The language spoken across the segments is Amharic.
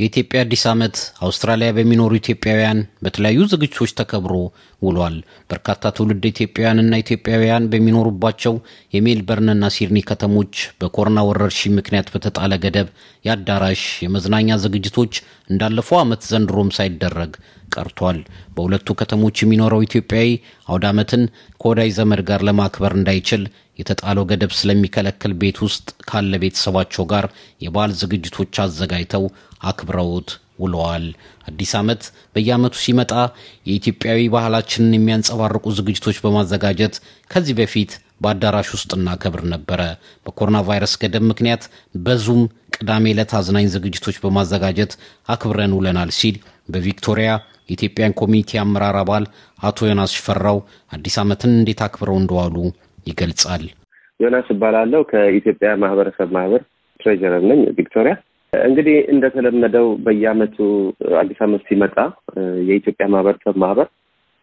የኢትዮጵያ አዲስ ዓመት አውስትራሊያ በሚኖሩ ኢትዮጵያውያን በተለያዩ ዝግጅቶች ተከብሮ ውሏል። በርካታ ትውልድ ኢትዮጵያውያንና ኢትዮጵያውያን በሚኖሩባቸው የሜልበርንና ሲድኒ ከተሞች በኮሮና ወረርሽኝ ምክንያት በተጣለ ገደብ የአዳራሽ የመዝናኛ ዝግጅቶች እንዳለፈው ዓመት ዘንድሮም ሳይደረግ ቀርቷል። በሁለቱ ከተሞች የሚኖረው ኢትዮጵያዊ አውድ ዓመትን ከወዳጅ ዘመድ ጋር ለማክበር እንዳይችል የተጣለው ገደብ ስለሚከለክል ቤት ውስጥ ካለ ቤተሰባቸው ጋር የበዓል ዝግጅቶች አዘጋጅተው አክብረውት ውለዋል። አዲስ ዓመት በየዓመቱ ሲመጣ የኢትዮጵያዊ ባህላችንን የሚያንጸባርቁ ዝግጅቶች በማዘጋጀት ከዚህ በፊት በአዳራሽ ውስጥ እናከብር ነበረ። በኮሮና ቫይረስ ገደብ ምክንያት በዙም ቅዳሜ ዕለት አዝናኝ ዝግጅቶች በማዘጋጀት አክብረን ውለናል ሲል በቪክቶሪያ የኢትዮጵያን ኮሚኒቲ አመራር አባል አቶ ዮናስ ሽፈራው አዲስ ዓመትን እንዴት አክብረው እንደዋሉ ይገልጻል። ዮናስ እባላለሁ ከኢትዮጵያ ማህበረሰብ ማህበር ትሬዥረር ነኝ ቪክቶሪያ። እንግዲህ እንደተለመደው በየአመቱ አዲስ አመት ሲመጣ የኢትዮጵያ ማህበረሰብ ማህበር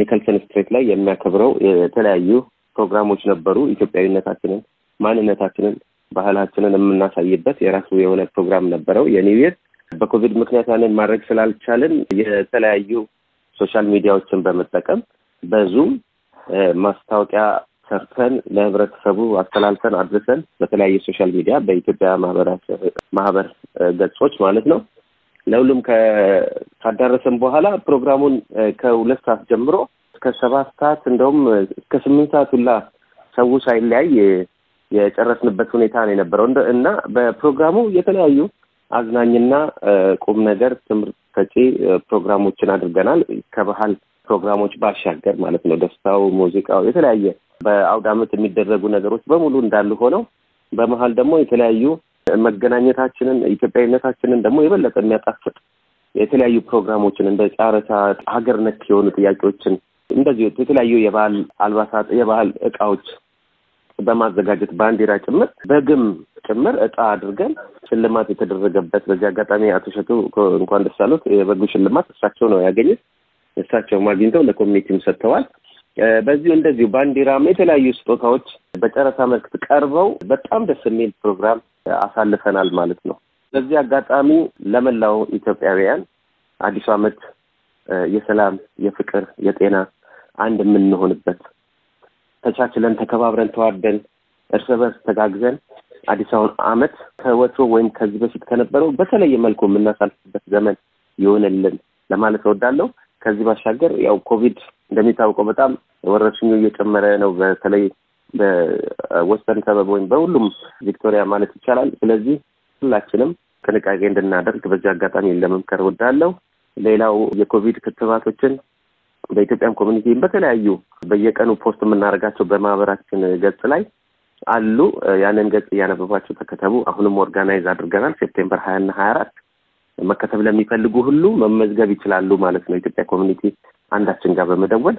ኒከልሰን ስትሬት ላይ የሚያከብረው የተለያዩ ፕሮግራሞች ነበሩ። ኢትዮጵያዊነታችንን፣ ማንነታችንን፣ ባህላችንን የምናሳይበት የራሱ የሆነ ፕሮግራም ነበረው። የኒውየር በኮቪድ ምክንያት ያንን ማድረግ ስላልቻልን የተለያዩ ሶሻል ሚዲያዎችን በመጠቀም በዙም ማስታወቂያ ሰርተን ለህብረተሰቡ አስተላልፈን አድርሰን በተለያየ ሶሻል ሚዲያ በኢትዮጵያ ማህበር ገጾች ማለት ነው ለሁሉም ካዳረሰን በኋላ ፕሮግራሙን ከሁለት ሰዓት ጀምሮ እስከ ሰባት ሰዓት እንደውም እስከ ስምንት ሰዓት ሁላ ሰው ሳይለያይ የጨረስንበት ሁኔታ ነው የነበረው እና በፕሮግራሙ የተለያዩ አዝናኝና ቁም ነገር ትምህርት ሰጪ ፕሮግራሞችን አድርገናል። ከባህል ፕሮግራሞች ባሻገር ማለት ነው። ደስታው፣ ሙዚቃው የተለያየ በአውደ አመት የሚደረጉ ነገሮች በሙሉ እንዳሉ ሆነው በመሀል ደግሞ የተለያዩ መገናኘታችንን ኢትዮጵያዊነታችንን ደግሞ የበለጠ የሚያጣፍጥ የተለያዩ ፕሮግራሞችን እንደ ጨረታ፣ ሀገር ነክ የሆኑ ጥያቄዎችን እንደዚህ የተለያዩ የባህል አልባሳት፣ የባህል እቃዎች በማዘጋጀት ባንዲራ ጭምር በግም ጭምር እጣ አድርገን ሽልማት የተደረገበት በዚህ አጋጣሚ አቶ ሸቱ እንኳን ደስ አሉት። የበጉ ሽልማት እሳቸው ነው ያገኙት። እሳቸውም አግኝተው ለኮሚኒቲም ሰጥተዋል። በዚሁ እንደዚሁ ባንዲራም፣ የተለያዩ ስጦታዎች በጨረታ መልክ ቀርበው በጣም ደስ የሚል ፕሮግራም አሳልፈናል ማለት ነው። በዚህ አጋጣሚ ለመላው ኢትዮጵያውያን አዲሱ ዓመት የሰላም፣ የፍቅር፣ የጤና አንድ የምንሆንበት ተቻችለን፣ ተከባብረን፣ ተዋደን እርስ በርስ ተጋግዘን አዲሳውን ዓመት ከወትሮ ወይም ከዚህ በፊት ከነበረው በተለየ መልኩ የምናሳልፍበት ዘመን ይሆንልን ለማለት እወዳለሁ። ከዚህ ባሻገር ያው ኮቪድ እንደሚታወቀው በጣም ወረርሽኙ እየጨመረ ነው። በተለይ በወስተን ሰበብ ወይም በሁሉም ቪክቶሪያ ማለት ይቻላል። ስለዚህ ሁላችንም ጥንቃቄ እንድናደርግ በዚህ አጋጣሚ ለመምከር ወዳለው ሌላው የኮቪድ ክትባቶችን በኢትዮጵያን ኮሚኒቲ በተለያዩ በየቀኑ ፖስት የምናደርጋቸው በማህበራችን ገጽ ላይ አሉ። ያንን ገጽ እያነበባቸው ተከተቡ። አሁንም ኦርጋናይዝ አድርገናል። ሴፕቴምበር ሀያና ሀያ አራት መከተብ ለሚፈልጉ ሁሉ መመዝገብ ይችላሉ ማለት ነው። ኢትዮጵያ ኮሚኒቲ አንዳችን ጋር በመደወል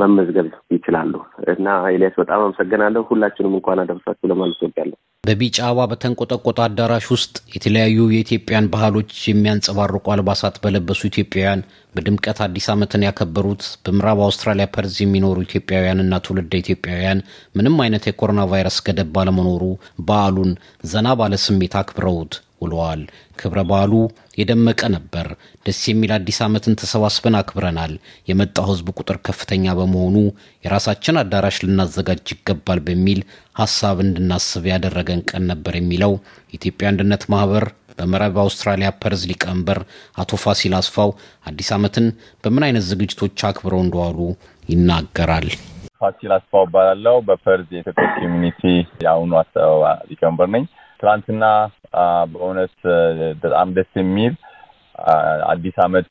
መመዝገብ ይችላሉ እና ኤልያስ በጣም አመሰግናለሁ። ሁላችንም እንኳን አደረሳችሁ ለማለት ወዳለሁ። በቢጫ አበባ በተንቆጠቆጠ አዳራሽ ውስጥ የተለያዩ የኢትዮጵያን ባህሎች የሚያንጸባርቁ አልባሳት በለበሱ ኢትዮጵያውያን በድምቀት አዲስ ዓመትን ያከበሩት በምዕራብ አውስትራሊያ ፐርዝ የሚኖሩ ኢትዮጵያውያንና ትውልደ ኢትዮጵያውያን ምንም አይነት የኮሮና ቫይረስ ገደብ ባለመኖሩ በዓሉን ዘና ባለ ስሜት አክብረውት ውለዋል። ክብረ በዓሉ የደመቀ ነበር። ደስ የሚል አዲስ ዓመትን ተሰባስበን አክብረናል። የመጣው ህዝብ ቁጥር ከፍተኛ በመሆኑ የራሳችን አዳራሽ ልናዘጋጅ ይገባል በሚል ሀሳብ እንድናስብ ያደረገን ቀን ነበር የሚለው የኢትዮጵያ አንድነት ማህበር በምዕራብ አውስትራሊያ ፐርዝ ሊቀመንበር አቶ ፋሲል አስፋው አዲስ ዓመትን በምን አይነት ዝግጅቶች አክብረው እንደዋሉ ይናገራል። ፋሲል አስፋው እባላለሁ። በፐርዝ የኢትዮጵያ ኮሚኒቲ የአሁኑ ሊቀመንበር ነኝ። ትላንትና በእውነት በጣም ደስ የሚል አዲስ አመት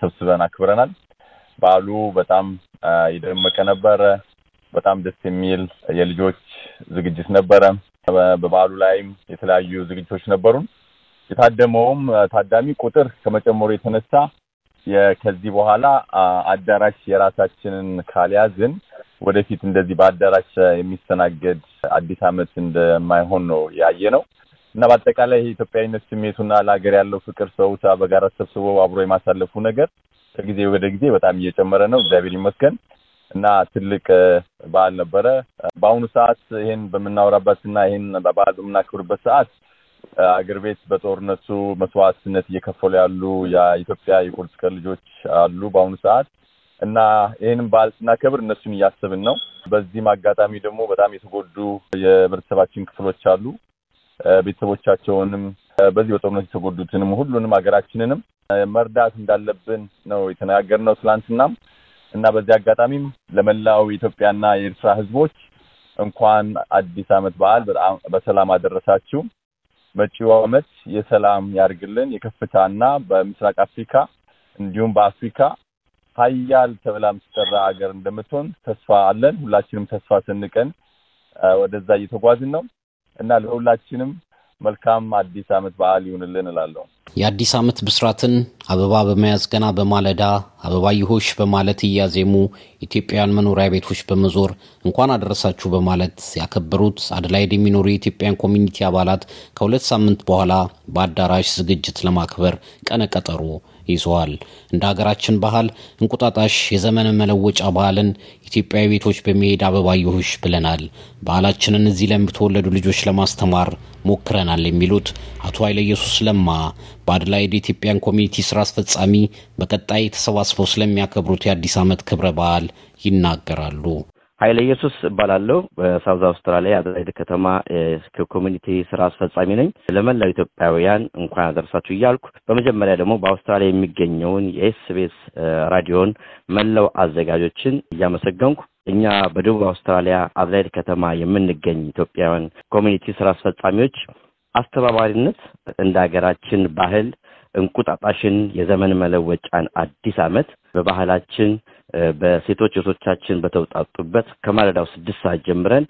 ሰብስበን አክብረናል። በዓሉ በጣም የደመቀ ነበረ። በጣም ደስ የሚል የልጆች ዝግጅት ነበረ። በበዓሉ ላይም የተለያዩ ዝግጅቶች ነበሩን። የታደመውም ታዳሚ ቁጥር ከመጨመሩ የተነሳ ከዚህ በኋላ አዳራሽ የራሳችንን ካልያዝን ወደፊት እንደዚህ በአዳራሽ የሚስተናገድ አዲስ ዓመት እንደማይሆን ነው ያየ ነው እና በአጠቃላይ የኢትዮጵያዊነት ስሜቱና ለሀገር ያለው ፍቅር ሰው በጋራ ተሰብስቦ አብሮ የማሳለፉ ነገር ከጊዜ ወደ ጊዜ በጣም እየጨመረ ነው። እግዚአብሔር ይመስገን እና ትልቅ በዓል ነበረ። በአሁኑ ሰዓት ይሄን በምናወራበትና ይሄን በዓል በምናክብርበት ሰዓት አገር ቤት በጦርነቱ መስዋዕትነት እየከፈሉ ያሉ የኢትዮጵያ የፖለቲካ ልጆች አሉ። በአሁኑ ሰዓት እና ይህንም በዓል ስናከብር እነሱን እያሰብን ነው። በዚህም አጋጣሚ ደግሞ በጣም የተጎዱ የህብረተሰባችን ክፍሎች አሉ። ቤተሰቦቻቸውንም በዚህ በጦርነት የተጎዱትንም ሁሉንም ሀገራችንንም መርዳት እንዳለብን ነው የተነጋገርነው ትላንትናም እና በዚህ አጋጣሚም ለመላው የኢትዮጵያና የኤርትራ ህዝቦች እንኳን አዲስ አመት በዓል በሰላም አደረሳችሁ። መጪው አመት የሰላም ያርግልን የከፍታና በምስራቅ አፍሪካ እንዲሁም በአፍሪካ ሀያል ተብላ የምትጠራ ሀገር እንደምትሆን ተስፋ አለን። ሁላችንም ተስፋ ሰንቀን ወደዛ እየተጓዝን ነው እና ለሁላችንም መልካም አዲስ ዓመት በዓል ይሁንልን እላለሁ። የአዲስ ዓመት ብስራትን አበባ በመያዝ ገና በማለዳ ይሆሽ በማለት እያዜሙ ኢትዮጵያውያን መኖሪያ ቤቶች በመዞር እንኳን አደረሳችሁ በማለት ያከበሩት አደላይድ የሚኖሩ የኢትዮጵያን ኮሚኒቲ አባላት ከሁለት ሳምንት በኋላ በአዳራሽ ዝግጅት ለማክበር ቀነቀጠሮ ይዘዋል። እንደ ሀገራችን ባህል እንቁጣጣሽ የዘመን መለወጫ ባህልን ኢትዮጵያዊ ቤቶች በመሄድ አበባየሆሽ ብለናል። ባህላችንን እዚህ ለተወለዱ ልጆች ለማስተማር ሞክረናል የሚሉት አቶ ኃይለ ኢየሱስ ለማ በአድላይድ የኢትዮጵያን ኮሚኒቲ ስራ አስፈጻሚ በቀጣይ ተሰባስበው ስለሚያከብሩት የአዲስ ዓመት ክብረ በዓል ይናገራሉ። ኃይለ ኢየሱስ እባላለሁ። በሳውዝ አውስትራሊያ አድላይድ ከተማ ኮሚኒቲ ስራ አስፈጻሚ ነኝ። ለመላው ኢትዮጵያውያን እንኳን አደረሳችሁ እያልኩ በመጀመሪያ ደግሞ በአውስትራሊያ የሚገኘውን የኤስቤስ ራዲዮን መላው አዘጋጆችን እያመሰገንኩ እኛ በደቡብ አውስትራሊያ አድላይድ ከተማ የምንገኝ ኢትዮጵያውያን ኮሚኒቲ ስራ አስፈጻሚዎች አስተባባሪነት እንደ ሀገራችን ባህል እንቁጣጣሽን፣ የዘመን መለወጫን፣ አዲስ ዓመት በባህላችን በሴቶች እህቶቻችን በተውጣጡበት ከማለዳው ስድስት ሰዓት ጀምረን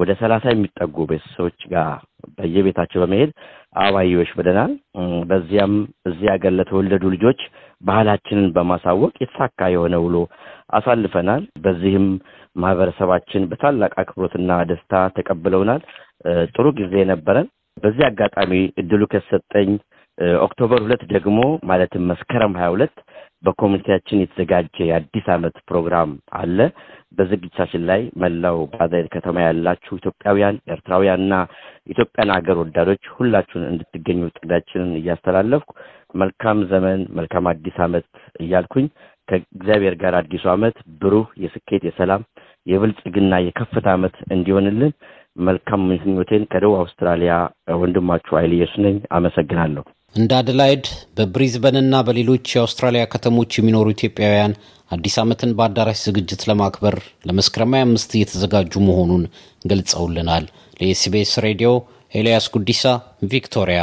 ወደ ሰላሳ የሚጠጉ ቤተሰቦች ጋር በየቤታቸው በመሄድ አባዮች ብለናል። በዚያም እዚህ ሀገር ለተወለዱ ልጆች ባህላችንን በማሳወቅ የተሳካ የሆነ ውሎ አሳልፈናል። በዚህም ማህበረሰባችን በታላቅ አክብሮትና ደስታ ተቀብለውናል። ጥሩ ጊዜ ነበረን። በዚህ አጋጣሚ እድሉ ከተሰጠኝ ኦክቶበር ሁለት ደግሞ ማለትም መስከረም ሀያ ሁለት በኮሚኒቲያችን የተዘጋጀ የአዲስ ዓመት ፕሮግራም አለ። በዝግጅታችን ላይ መላው ባዛይል ከተማ ያላችሁ ኢትዮጵያውያን፣ ኤርትራውያንና ኢትዮጵያን ሀገር ወዳዶች ሁላችሁን እንድትገኙ ጥሪያችንን እያስተላለፍኩ መልካም ዘመን፣ መልካም አዲስ ዓመት እያልኩኝ ከእግዚአብሔር ጋር አዲሱ ዓመት ብሩህ የስኬት፣ የሰላም፣ የብልጽግና፣ የከፍታ ዓመት እንዲሆንልን መልካም ምኞቴን ከደቡብ አውስትራሊያ ወንድማችሁ አይልየሱ ነኝ። አመሰግናለሁ። እንደ አደላይድ በብሪዝበንና በሌሎች የአውስትራሊያ ከተሞች የሚኖሩ ኢትዮጵያውያን አዲስ ዓመትን በአዳራሽ ዝግጅት ለማክበር ለመስከረም 25 እየተዘጋጁ መሆኑን ገልጸውልናል። ለኤስቢኤስ ሬዲዮ ኤልያስ ጉዲሳ ቪክቶሪያ